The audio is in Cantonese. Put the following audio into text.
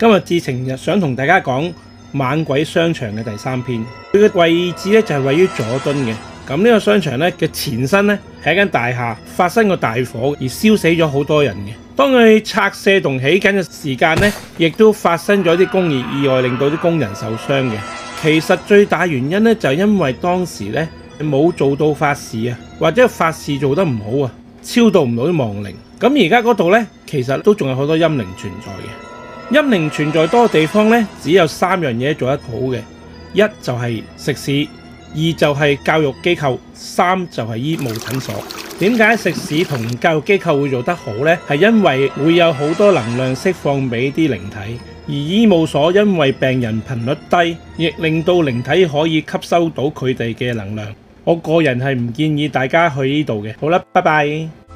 今日至明日想同大家講猛鬼商場嘅第三篇，佢嘅位置咧就係位於佐敦嘅。咁呢個商場咧嘅前身咧係一間大廈，發生過大火而燒死咗好多人嘅。當佢拆卸同起緊嘅時間咧，亦都發生咗啲工業意外，令到啲工人受傷嘅。其實最大原因咧就係因為當時咧冇做到法事啊，或者法事做得唔好啊，超度唔到啲亡靈。咁而家嗰度咧其實都仲有好多陰靈存在嘅。陰靈存在多嘅地方呢，只有三樣嘢做得好嘅，一就係食肆，二就係教育機構，三就係醫務診所。點解食肆同教育機構會做得好呢？係因為會有好多能量釋放俾啲靈體，而醫務所因為病人頻率低，亦令到靈體可以吸收到佢哋嘅能量。我個人係唔建議大家去呢度嘅。好啦，拜拜。